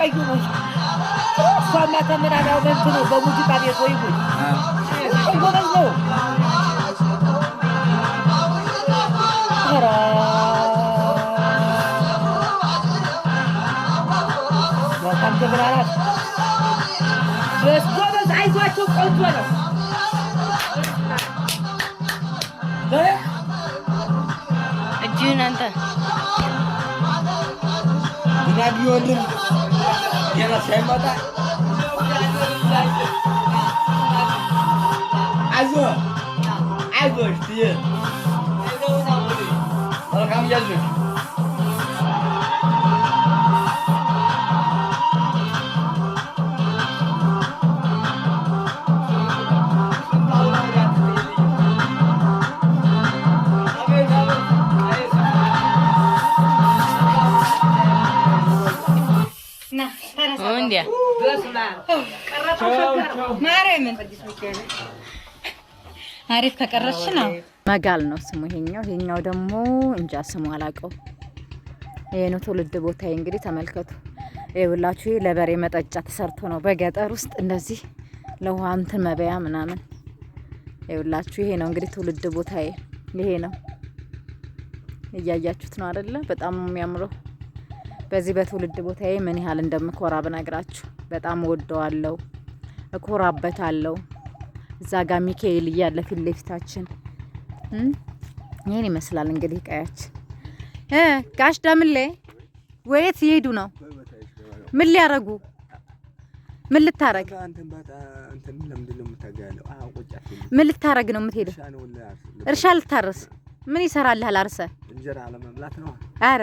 ቀዩ ነው። እሷማ ተምራናው በንት ነው በሙዚቃ ቤት ወይ ጉድ ጎበዝ ነው። በጣም ተምራናት ጎበዝ። አይዟቸው ቆንጆ ነው። እጅህን አንተ Yana Semba da. Azul. Agostinho. Olha o caminho de azul. አሪፍ ተቀረሽ ነው። መጋል ነው ስሙ ይሄኛው። ይሄኛው ደግሞ እንጃ ስሙ አላውቀው። ይሄ ነው ትውልድ ቦታ እንግዲህ ተመልከቱ ይኸውላችሁ፣ ለበሬ መጠጫ ተሰርቶ ነው በገጠር ውስጥ እንደዚህ ለውሃ እንትን መበያ ምናምን። ይኸውላችሁ ይሄ ነው እንግዲህ ትውልድ ቦታ ይሄ ነው። እያያችሁት ነው አይደለ? በጣም የሚያምረው። በዚህ በትውልድ ቦታዬ ምን ያህል እንደምኮራ ብነግራችሁ በጣም እወደዋለሁ፣ እኮራበታለሁ። እዛ ጋር ሚካኤል እያለ ፊት ለፊታችን ይህን ይመስላል እንግዲህ ቀያችን። ጋሽ ደምሌ ወየት ይሄዱ ነው? ምን ሊያረጉ? ምን ልታረግ? ምን ልታረግ ነው የምትሄደው? እርሻ ልታርስ? ምን ይሰራልሃል? አርሰ እንጀራ ለመብላት ነው። አረ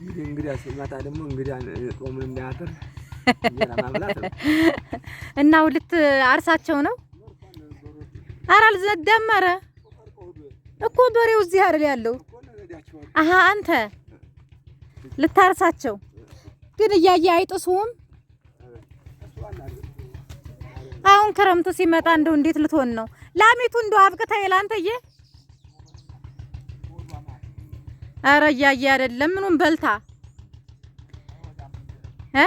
እንግዲህ እንግዲህ ማታ ደግሞ እንግዲህ ጾም እንዳያድር እናው ልት አርሳቸው ነው። ኧረ አልዘደመረ እኮ በሬው እዚህ አይደል ያለው? አሀ አንተ ልታርሳቸው ግን እያየ አይጥሱም። አሁን ክረምቱ ሲመጣ እንደው እንዴት ልትሆን ነው ላሚቱ? እንደው አብቅታ ይላንተዬ ኧረ እያየ አይደለም ምኑን በልታ እ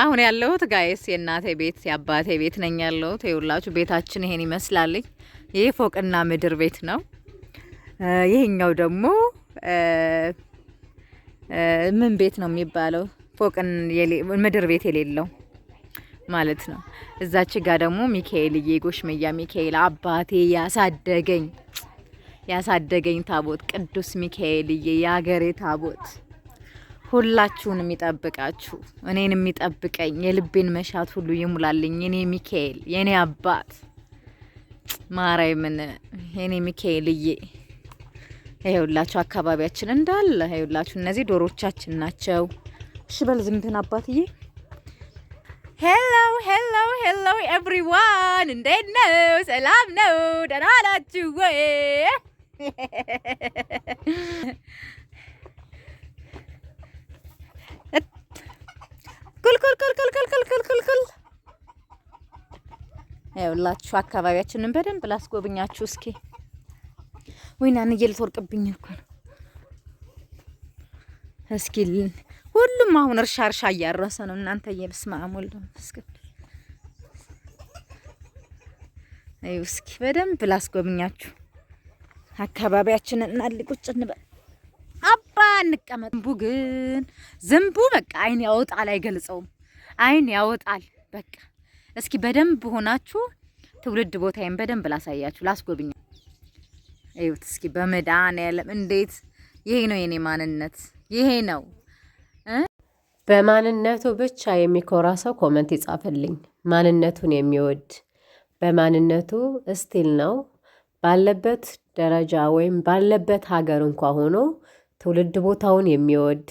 አሁን ያለሁት ጋይስ የእናቴ ቤት የአባቴ ቤት ነኝ ያለሁት። የሁላችሁ ቤታችን ይሄን ይመስላልኝ። ይህ ፎቅና ምድር ቤት ነው። ይሄኛው ደግሞ ምን ቤት ነው የሚባለው? ፎቅን ምድር ቤት የሌለው ማለት ነው። እዛች ጋ ደግሞ ሚካኤልዬ መያ ሚካኤል አባቴ ያሳደገኝ ያሳደገኝ ታቦት ቅዱስ ሚካኤልዬ የአገሬ ታቦት ሁላችሁን የሚጠብቃችሁ እኔን የሚጠብቀኝ የልቤን መሻት ሁሉ ይሙላልኝ። የኔ ሚካኤል የኔ አባት ማርያምን የኔ ሚካኤልዬ ሁላችሁ አካባቢያችን እንዳለ ይኸውላችሁ እነዚህ ዶሮቻችን ናቸው። እሺ በል ዝምትን አባትዬ። ሄሎ ሄሎ ሄሎ ኤቭሪዋን እንዴት ነው? ሰላም ነው? ደህና ናችሁ ወይ? ቅልቅልቅልቅልቅልቅልቅልቅል ይኸውላችሁ አካባቢያችንን በደንብ ላስጎብኛችሁ እስኪ። ወይና ንዬ ልትወርቅብኝ እኮ ነው። እስኪ ሁሉም አሁን እርሻ እርሻ እያረሰ ነው። እናንተ የብስማ አሞል እስኪ እስኪ በደንብ ላስጎብኛችሁ አካባቢያችንን እና ልቁጭ እንበል። እንቀመጥ። ዝንቡ ግን ዝንቡ በቃ አይን ያወጣል፣ አይገልጸውም። አይን ያወጣል። በቃ እስኪ በደንብ ሆናችሁ ትውልድ ቦታዬን በደንብ ላሳያችሁ፣ ላስጎብኛ። እዩት እስኪ በመድኃኒዓለም እንዴት! ይሄ ነው የኔ ማንነት፣ ይሄ ነው በማንነቱ ብቻ የሚኮራ ሰው ኮመንት ይጻፍልኝ። ማንነቱን የሚወድ በማንነቱ እስቲል ነው ባለበት ደረጃ ወይም ባለበት ሀገር እንኳ ሆኖ ትውልድ ቦታውን የሚወድ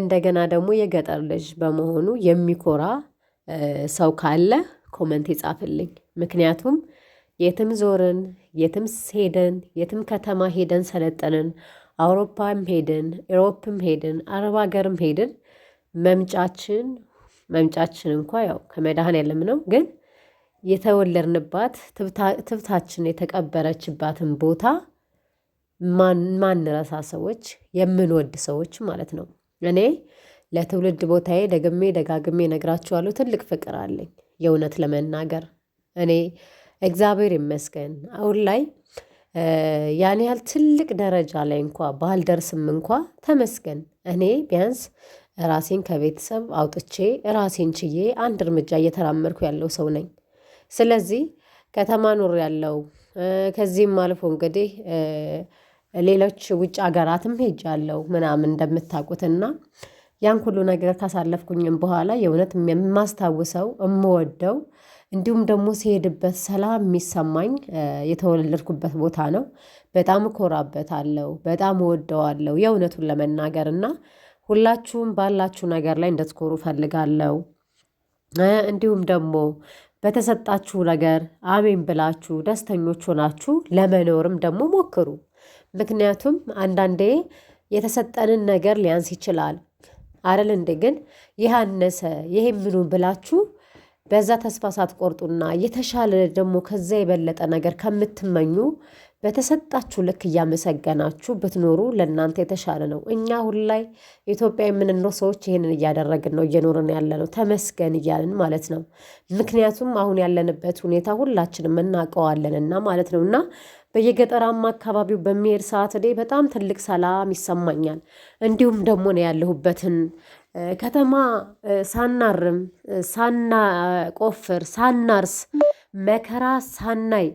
እንደገና ደግሞ የገጠር ልጅ በመሆኑ የሚኮራ ሰው ካለ ኮመንት ይጻፍልኝ ምክንያቱም የትም ዞርን የትም ሄደን፣ የትም ከተማ ሄደን ሰለጠንን አውሮፓም ሄድን ኤሮፕም ሄድን አረብ ሀገርም ሄድን መምጫችን መምጫችን እንኳ ያው ከመድኃኔዓለም ነው ግን የተወለድንባት ትብታችን የተቀበረችባትን ቦታ ማንረሳ ሰዎች የምንወድ ሰዎች ማለት ነው። እኔ ለትውልድ ቦታዬ ደግሜ ደጋግሜ እነግራችኋለሁ ትልቅ ፍቅር አለኝ የእውነት ለመናገር እኔ እግዚአብሔር ይመስገን አሁን ላይ ያን ያህል ትልቅ ደረጃ ላይ እንኳ ባልደርስም እንኳ ተመስገን እኔ ቢያንስ ራሴን ከቤተሰብ አውጥቼ ራሴን ችዬ አንድ እርምጃ እየተራመድኩ ያለው ሰው ነኝ። ስለዚህ ከተማ ያለው ከዚህም አልፎ እንግዲህ ሌሎች ውጭ ሀገራትም ሄጃለሁ ምናምን እንደምታውቁትና ያን ሁሉ ነገር ካሳለፍኩኝም በኋላ የእውነት የማስታውሰው የምወደው እንዲሁም ደግሞ ሲሄድበት ሰላም የሚሰማኝ የተወለድኩበት ቦታ ነው። በጣም እኮራበታለሁ በጣም እወደዋለሁ የእውነቱን ለመናገር እና ሁላችሁም ባላችሁ ነገር ላይ እንድትኮሩ ፈልጋለው እንዲሁም ደግሞ በተሰጣችሁ ነገር አሜን ብላችሁ ደስተኞች ሆናችሁ ለመኖርም ደግሞ ሞክሩ ምክንያቱም አንዳንዴ የተሰጠንን ነገር ሊያንስ ይችላል አረል እንዴ? ግን ይህ አነሰ ይሄ ምኑ ብላችሁ በዛ ተስፋ ሳትቆርጡና የተሻለ ደግሞ ከዛ የበለጠ ነገር ከምትመኙ በተሰጣችሁ ልክ እያመሰገናችሁ ብትኖሩ ለእናንተ የተሻለ ነው። እኛ አሁን ላይ ኢትዮጵያ የምንኖር ሰዎች ይህንን እያደረግን ነው እየኖርን ያለ ነው፣ ተመስገን እያልን ማለት ነው። ምክንያቱም አሁን ያለንበት ሁኔታ ሁላችንም እናውቀዋለንና ማለት ነው እና በየገጠራማ አካባቢው በሚሄድ ሰዓት እኔ በጣም ትልቅ ሰላም ይሰማኛል። እንዲሁም ደግሞ ነው ያለሁበትን ከተማ ሳናርም ሳናቆፍር ሳናርስ መከራ ሳናይ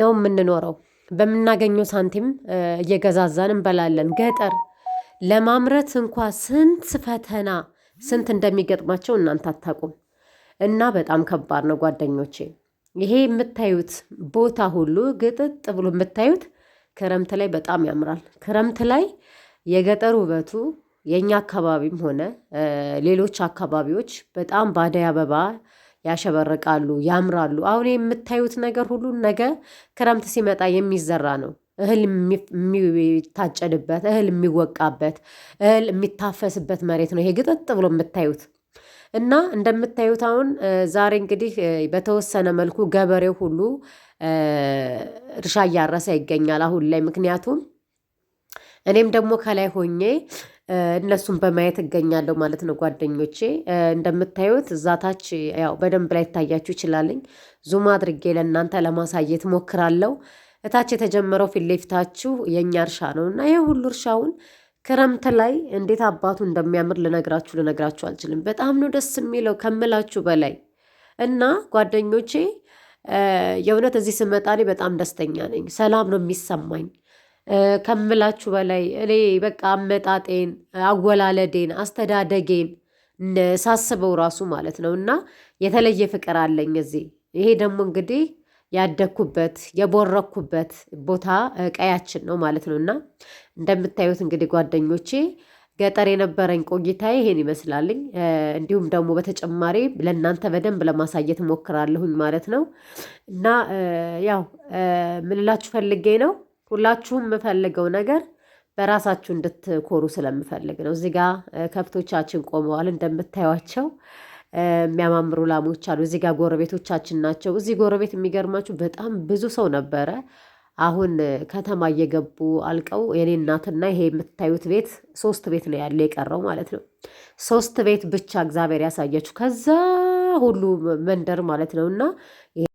ነው የምንኖረው። በምናገኘው ሳንቲም እየገዛዛን እንበላለን። ገጠር ለማምረት እንኳ ስንት ፈተና ስንት እንደሚገጥማቸው እናንተ አታውቁም። እና በጣም ከባድ ነው ጓደኞቼ። ይሄ የምታዩት ቦታ ሁሉ ግጥጥ ብሎ የምታዩት ክረምት ላይ በጣም ያምራል። ክረምት ላይ የገጠር ውበቱ የእኛ አካባቢም ሆነ ሌሎች አካባቢዎች በጣም ባደይ አበባ ያሸበርቃሉ፣ ያምራሉ። አሁን የምታዩት ነገር ሁሉ ነገ ክረምት ሲመጣ የሚዘራ ነው። እህል የሚታጨድበት፣ እህል የሚወቃበት፣ እህል የሚታፈስበት መሬት ነው ይሄ ግጥጥ ብሎ የምታዩት እና እንደምታዩት አሁን ዛሬ እንግዲህ በተወሰነ መልኩ ገበሬው ሁሉ እርሻ እያረሰ ይገኛል አሁን ላይ ምክንያቱም እኔም ደግሞ ከላይ ሆኜ እነሱን በማየት እገኛለሁ ማለት ነው ጓደኞቼ። እንደምታዩት እዛታች ያው በደንብ ላይ ይታያችሁ ይችላልኝ ዙም አድርጌ ለእናንተ ለማሳየት ሞክራለሁ። እታች የተጀመረው ፊት ለፊታችሁ የእኛ እርሻ ነው እና ይህ ሁሉ እርሻውን ክረምት ላይ እንዴት አባቱ እንደሚያምር ልነግራችሁ ልነግራችሁ አልችልም። በጣም ነው ደስ የሚለው ከምላችሁ በላይ እና ጓደኞቼ የእውነት እዚህ ስመጣ እኔ በጣም ደስተኛ ነኝ። ሰላም ነው የሚሰማኝ። ከምላችሁ በላይ እኔ በቃ አመጣጤን አወላለዴን አስተዳደጌን ሳስበው ራሱ ማለት ነው እና የተለየ ፍቅር አለኝ እዚህ። ይሄ ደግሞ እንግዲህ ያደግኩበት የቦረኩበት ቦታ ቀያችን ነው ማለት ነው እና እንደምታዩት እንግዲህ ጓደኞቼ ገጠር የነበረኝ ቆይታ ይሄን ይመስላልኝ። እንዲሁም ደግሞ በተጨማሪ ለእናንተ በደንብ ለማሳየት ሞክራለሁኝ ማለት ነው እና ያው ምንላችሁ ፈልጌ ነው ሁላችሁም የምፈልገው ነገር በራሳችሁ እንድትኮሩ ስለምፈልግ ነው። እዚህ ጋር ከብቶቻችን ቆመዋል እንደምታዩቸው የሚያማምሩ ላሞች አሉ። እዚህ ጋር ጎረቤቶቻችን ናቸው። እዚህ ጎረቤት የሚገርማችሁ በጣም ብዙ ሰው ነበረ። አሁን ከተማ እየገቡ አልቀው የኔ እናትና ይሄ የምታዩት ቤት ሶስት ቤት ነው ያለ የቀረው ማለት ነው። ሶስት ቤት ብቻ እግዚአብሔር ያሳያችሁ ከዛ ሁሉ መንደር ማለት ነው እና